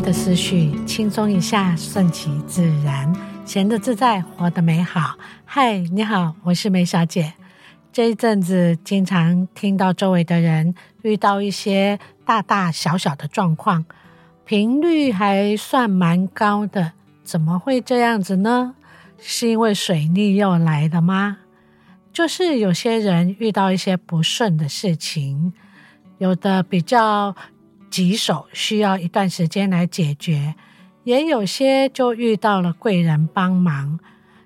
的思緒，輕鬆一下，順其自然，閒得自在，活得美好。嗨，你好，我是梅小姐。這一陣子經常聽到周圍的人遇到一些大大小小的狀況，頻率還算蠻高的。怎麼會這樣子呢？是因為水逆又來了嗎？就是有些人遇到一些不順的事情，有的比較棘手，需要一段時間來解決，也有些就遇到了貴人幫忙，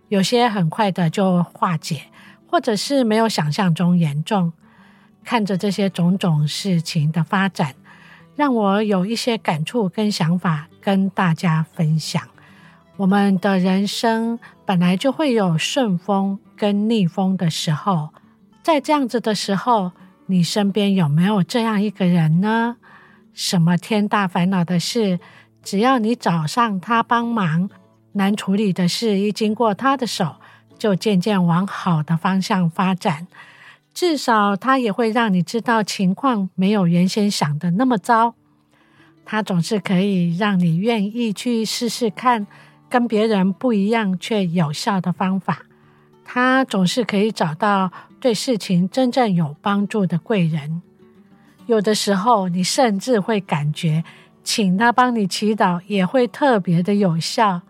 有些很快的就化解，或者是沒有想象中嚴重。看着這些種種事情的發展，讓我有一些感觸跟想法跟大家分享。我們的人生本來就會有順風跟逆風的時候，在這樣子的時候，你身邊有沒有這樣一個人呢？什麼天大煩惱的事，只要你找上他幫忙，難處理的事一經過他的手，就漸漸往好的方向發展。至少他也會讓你知道情況沒有原先想的那麼糟。他總是可以讓你願意去試試看，跟別人不一樣卻有效的方法。他總是可以找到對事情真正有幫助的貴人。有的時候，你甚至會感覺，請他幫你祈禱也會特別的有效。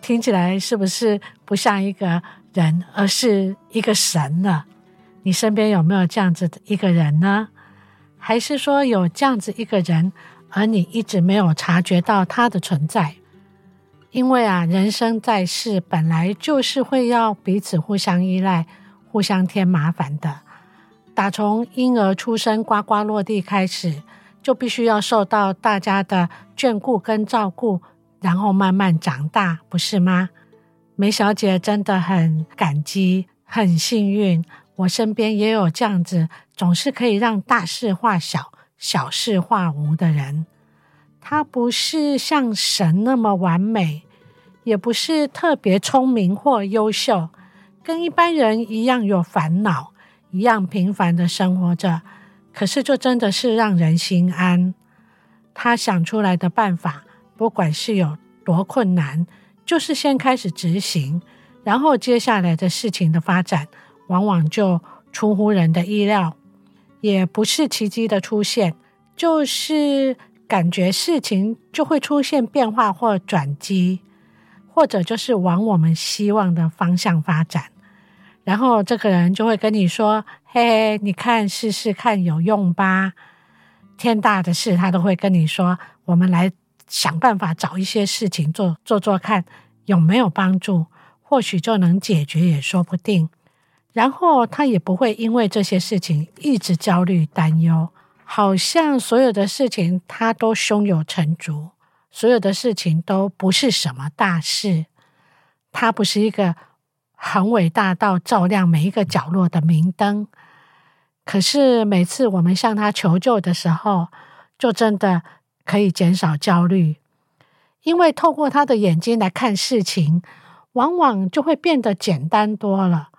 聽起來是不是不像一個人，而是一個神呢？你身邊有沒有這樣子的一個人呢？還是說有這樣子一個人，而你一直沒有察覺到他的存在？因為啊，人生在世本來就是會要彼此互相依賴，互相添麻煩的。打從嬰兒出生呱呱落地開始，就必須要受到大家的眷顧跟照顧，然後慢慢長大，不是嗎？梅小姐真的很感激，很幸運。我身邊也有這樣子，總是可以讓大事化小、小事化無的人。他不是像神那麼完美，也不是特別聰明或優秀，跟一般人一樣有煩惱。一樣平凡的生活着，可是這真的是讓人心安。他想出來的辦法，不管是有多困難，就是先開始執行，然後接下來的事情的發展，往往就出乎人的意料，也不是奇蹟的出現，就是感覺事情就會出現變化或轉機，或者就是往我們希望的方向發展。然後這個人就會跟你說：“嘿，嘿，你看，試試看有用吧？天大的事，他都會跟你說，我們來想辦法找一些事情做做做看，有沒有幫助？或許就能解決，也說不定。然後他也不會因為這些事情一直焦慮擔憂，好像所有的事情他都胸有成竹，所有的事情都不是什麼大事。他不是一個。”很偉大到照亮每一個角落的明燈，可是每次我們向他求救的時候，就真的可以減少焦慮，因為透過他的眼睛來看事情，往往就會變得簡單多了。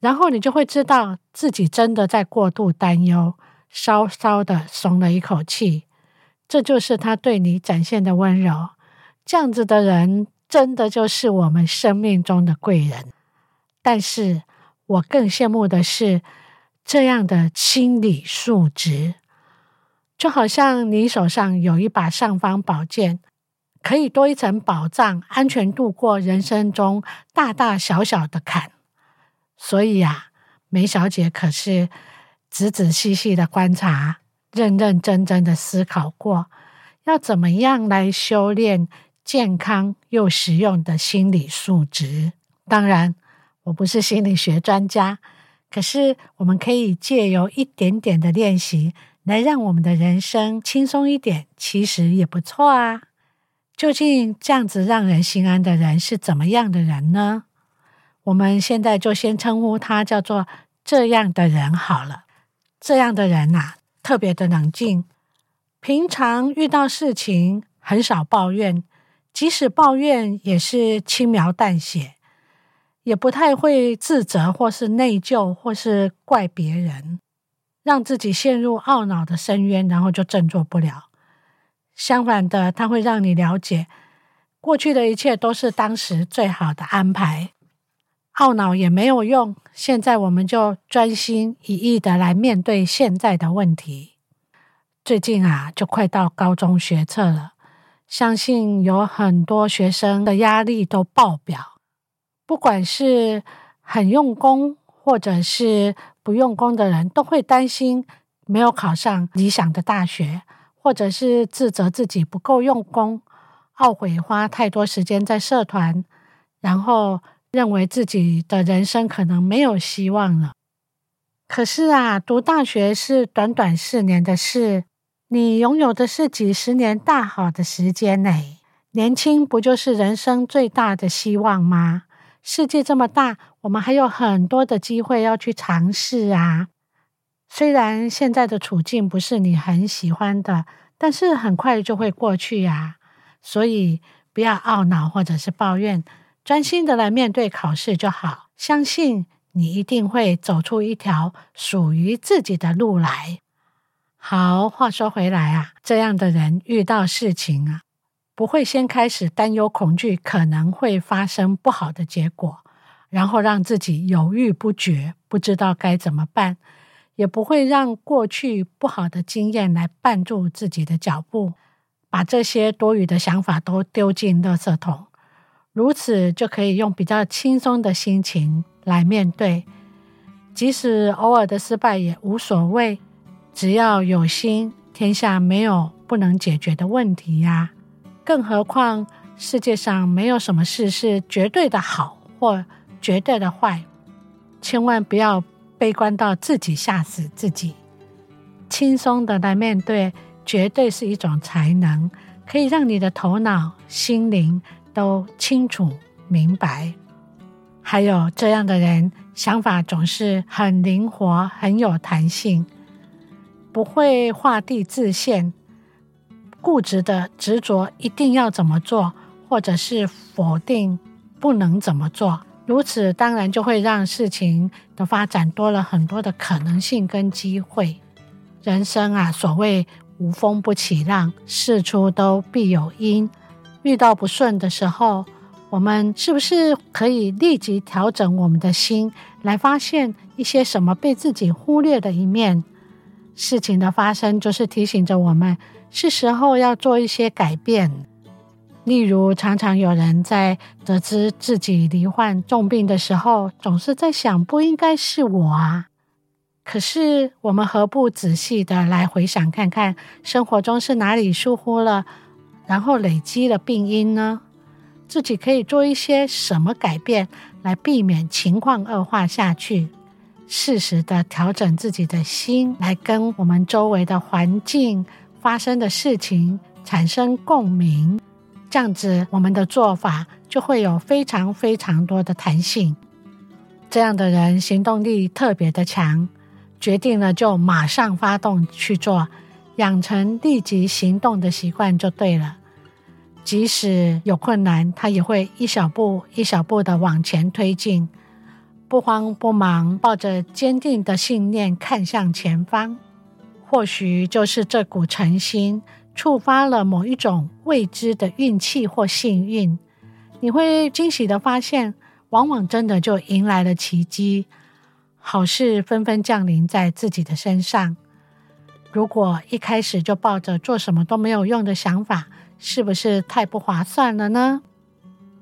然後你就會知道自己真的在過度擔憂，稍稍的鬆了一口氣。這就是他對你展現的溫柔。這樣子的人，真的就是我們生命中的貴人。但是我更羨慕的是這樣的心理素質，就好像你手上有一把尚方寶劍，可以多一層保障，安全度過人生中大大小小的坎。所以呀、啊，梅小姐可是仔仔細細的觀察，認認真真的思考過，要怎麼樣來修煉健康又實用的心理素質。當然。我不是心理學專家，可是我們可以借由一點點的練習，來讓我們的人生輕鬆一點，其實也不錯啊。究竟這樣子讓人心安的人是怎麼樣的人呢？我們現在就先稱呼他叫做這樣的人好了。這樣的人吶、啊，特別的冷靜，平常遇到事情，很少抱怨，即使抱怨也是輕描淡寫。也不太會自責，或是內疚，或是怪別人，讓自己陷入懊惱的深淵，然後就振作不了。相反的，它會讓你了解，過去的一切都是當時最好的安排。懊惱也沒有用，現在我們就專心一意的來面對現在的問題。最近啊，就快到高中學測了，相信有很多學生的壓力都爆表。不管是很用功，或者是不用功的人，都會擔心沒有考上理想的大學，或者是自責自己不夠用功，懊悔花太多時間在社團，然後認為自己的人生可能沒有希望了。可是啊，讀大學是短短四年的事，你擁有的是幾十年大好的時間呢，欸，年輕不就是人生最大的希望嗎？世界這麼大，我們還有很多的機會要去嘗試啊。雖然現在的處境不是你很喜歡的，但是很快就會過去呀。所以不要懊惱或者是抱怨，專心的來面對考試就好。相信你一定會走出一條屬於自己的路來。好，話說回來啊，這樣的人遇到事情啊。不會先開始擔憂、恐懼，可能會發生不好的結果，然後讓自己猶豫不決，不知道該怎麼辦；也不會讓過去不好的經驗來絆住自己的腳步，把這些多餘的想法都丟進垃圾桶。如此就可以用比較輕鬆的心情來面對，即使偶爾的失敗也無所謂，只要有心，天下沒有不能解決的問題呀。更何況，世界上沒有什麼事是絕對的好或絕對的壞，千萬不要悲觀到自己嚇死自己。輕鬆的來面對，絕對是一種才能，可以讓你的頭腦、心靈都清楚明白。還有這樣的人，想法總是很靈活、很有彈性，不會畫地自限。固執的執着一定要怎麼做，或者是否定不能怎麼做，如此當然就會讓事情的發展多了很多的可能性跟機會。人生啊，所謂無風不起浪，事出都必有因。遇到不順的時候，我們是不是可以立即調整我們的心，來發現一些什麼被自己忽略的一面？事情的發生就是提醒着我們，是時候要做一些改變。例如，常常有人在得知自己罹患重病的時候，總是在想“不應該是我啊！”可是，我們何不仔細的來回想看看，生活中是哪裡疏忽了，然後累積了病因呢？自己可以做一些什麼改變，來避免情況惡化下去？適時的調整自己的心，來跟我們周圍的環境發生的事情產生共鳴，這樣子我們的做法就會有非常非常多的彈性。這樣的人行動力特別的強，決定了就馬上發動去做，養成立即行動的習慣就對了。即使有困難，他也會一小步一小步的往前推進。不慌不忙，抱着堅定的信念看向前方。或許就是這股誠心觸發了某一種未知的運氣或幸運，你會驚喜地發現，往往真的就迎來了奇蹟，好事紛紛降臨在自己的身上。如果一開始就抱着做什麼都沒有用的想法，是不是太不划算了呢？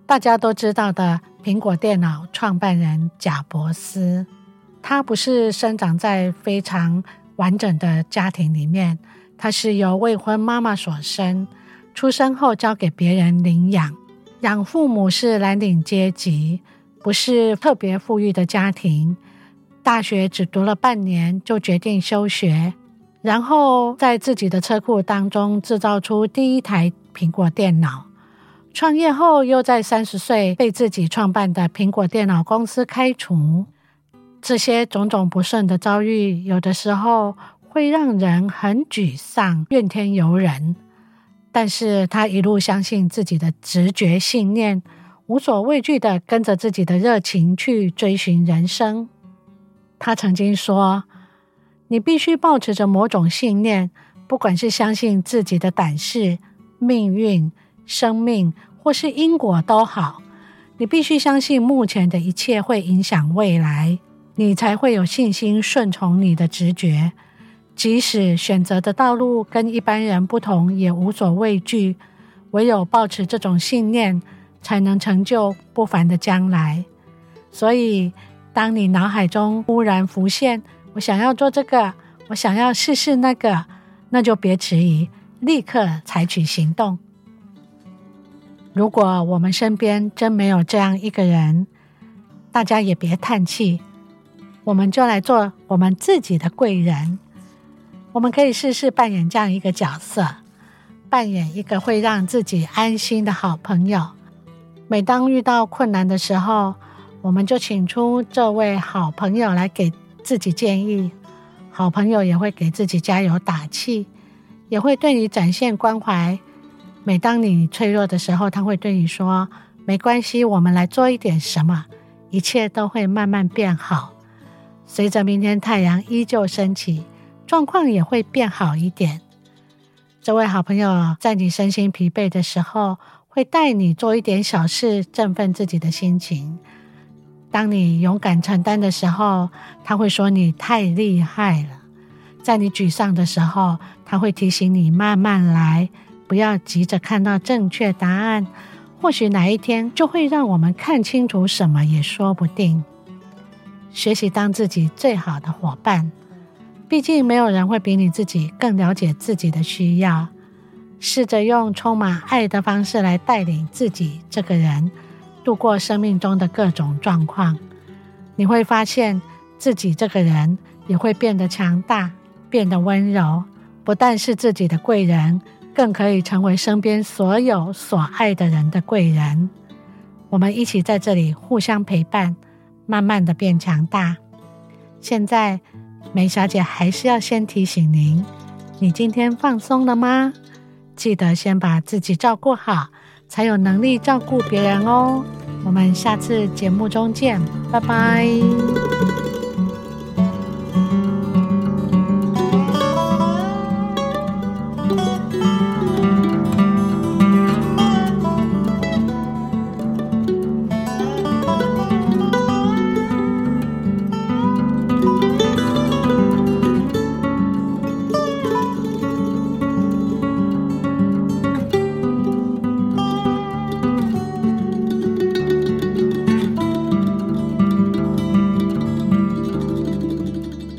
大家都知道的。蘋果電腦創辦人賈伯斯，他不是生長在非常完整的家庭裡面，他是由未婚媽媽所生，出生後交給別人領養，養父母是藍領階級，不是特別富裕的家庭。大學只讀了半年就決定休學，然後在自己的車庫當中製造出第一台蘋果電腦。創業後，又在三十歲被自己創辦的蘋果電腦公司開除。這些種種不順的遭遇，有的時候會讓人很沮喪、怨天尤人。但是他一路相信自己的直覺、信念，無所畏懼的跟着自己的熱情去追尋人生。他曾經說：“你必須保持着某種信念，不管是相信自己的膽識、命運。”生命或是因果都好，你必須相信目前的一切會影響未來，你才會有信心順從你的直覺。即使選擇的道路跟一般人不同，也無所畏懼。唯有保持這種信念，才能成就不凡的將來。所以，當你腦海中忽然浮現“我想要做這個，我想要試試那個”，那就別遲疑，立刻採取行動。如果我們身邊真沒有這樣一個人，大家也別嘆氣，我們就來做我們自己的貴人。我們可以試試扮演這樣一個角色，扮演一個會讓自己安心的好朋友。每當遇到困難的時候，我們就請出這位好朋友來給自己建議。好朋友也會給自己加油打氣，也會對你展現關懷。每當你脆弱的時候，他會對你說：“沒關係，我們來做一點什麼，一切都會慢慢變好。”隨着明天太陽依舊升起，狀況也會變好一點。這位好朋友在你身心疲憊的時候，會帶你做一點小事，振奮自己的心情。當你勇敢承擔的時候，他會說：“你太厲害了。”在你沮喪的時候，他會提醒你：“慢慢來。”不要急着看到正確答案，或許哪一天就會讓我們看清楚什麼也說不定。學習當自己最好的夥伴，畢竟沒有人會比你自己更了解自己的需要。試着用充滿愛的方式來帶領自己這個人度過生命中的各種狀況，你會發現自己這個人也會變得強大，變得溫柔。不但是自己的貴人。更可以成為身邊所有所愛的人的貴人。我們一起在這裡互相陪伴，慢慢的變強大。現在，梅小姐還是要先提醒您，你今天放鬆了嗎？記得先把自己照顧好，才有能力照顧別人哦。我們下次節目中見，拜拜。